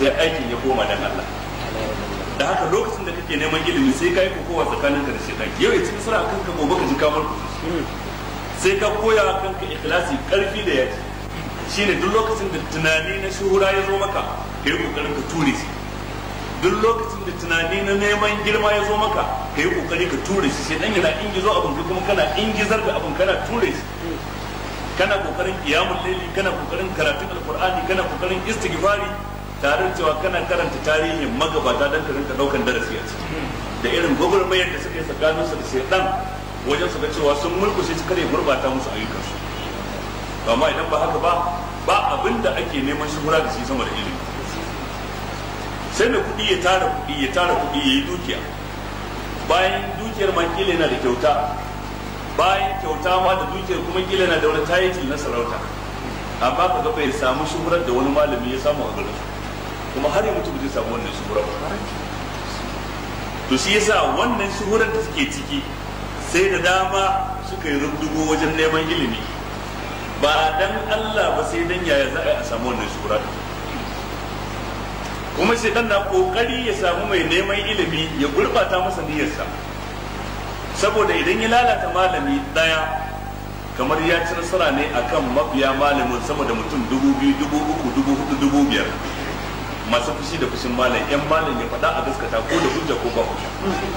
sai aikin ya koma dan Allah da haka lokacin da kake neman ilimi sai ka yi kokowa tsakanin ka da kai yau ya sura kan a gobe ka ji kamar sai ka koya a ka ikhlasi karfi da yaji shine duk lokacin da tunani na shuhura ya zo maka ka yi kokarin ka ture shi duk lokacin da tunani na neman girma ya zo maka ka yi kokari ka ture shi sai dan yana ingizo abin ka kuma kana ingizar da abin kana ture shi kana kokarin qiyamul layli kana kokarin karatu alqur'ani kana kokarin istighfari Tarin cewa kana karanta tarihin magabata don ka rinka daukan darasi a ciki da irin gwagwarmayar da suka yi tsakanin su da shaidan wajen su ga cewa sun sai suka kare gurbata musu ayyukansu ma idan ba haka ba ba abin da ake neman shuhura da shi sama da ilimi sai mai kuɗi ya tara kuɗi ya tara kuɗi ya yi dukiya bayan dukiyar ma kila yana da kyauta bayan kyauta ma da dukiyar kuma kila yana da wani tayitil na sarauta amma kaga bai samu shuhurar da wani malami ya samu a gurin kuma har ya mutu zai samu wannan shuhura ba to shi yasa wannan shuhurar da suke ciki sai da dama suka yi rubdugo wajen neman ilimi ba dan Allah ba sai dan yaya za a samu wannan shuhura kuma sai dan na kokari ya samu mai neman ilimi ya gurbata masa niyyarsa saboda idan ya lalata malami daya kamar ya ci nasara ne akan mafiya malamin sama da mutum dubu biyu dubu uku dubu hudu dubu biyar masu fushi da fushin malam yan malam ya faɗa a gaskata ko da hujja ko ba hujja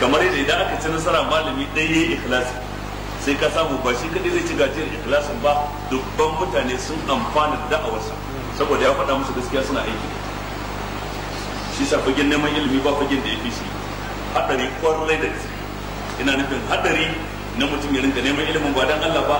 kamar yadda idan aka ci nasara malami ɗaya ya yi ikhlasi sai ka samu ba shi kaɗai zai ci gajiyar ikhlasin ba dubban mutane sun amfana da da'awarsa saboda ya faɗa musu gaskiya suna aiki shi sa fagen neman ilimi ba fagen da ya fi shi haɗari kwarai da gaske ina nufin hadari na mutum ya rinka neman ilimin ba dan Allah ba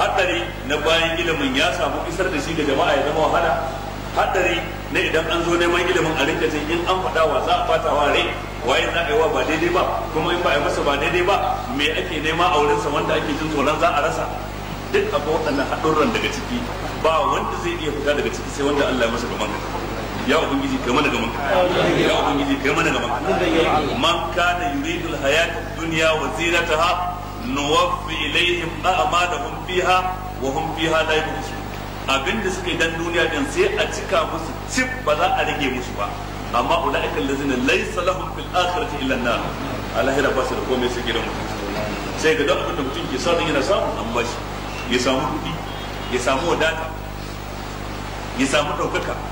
hadari na bayan ilimin ya samu isar da shi ga jama'a ya zama wahala hadari ne idan an zo neman ilimin a rinka jin in an faɗa wa za a fata wa rai waye za a yi wa ba daidai ba kuma in ba a masa ba daidai ba me ake nema a wurinsa wanda ake jin tsoron za a rasa duk abu waɗannan haɗurran daga ciki ba wanda zai iya fita daga ciki sai wanda Allah ya masa gaban ka ya ubangiji kai mana gaban ka ya ubangiji kai mana gaban ka man kana yuridul hayatad dunya wa zinataha nuwaffi ilayhim a'malahum fiha wa hum fiha la yubsirun abinda suka yi dan duniya din sai a cika musu cif ba za a rage musu ba amma ulaika allazina laysa lahum fil akhirati illa an-nar alahira ba su da komai sai gidan mutum sai ga dan mutum mutum ke samun yana samu an bashi ya samu kuɗi ya samu wadata ya samu ɗaukaka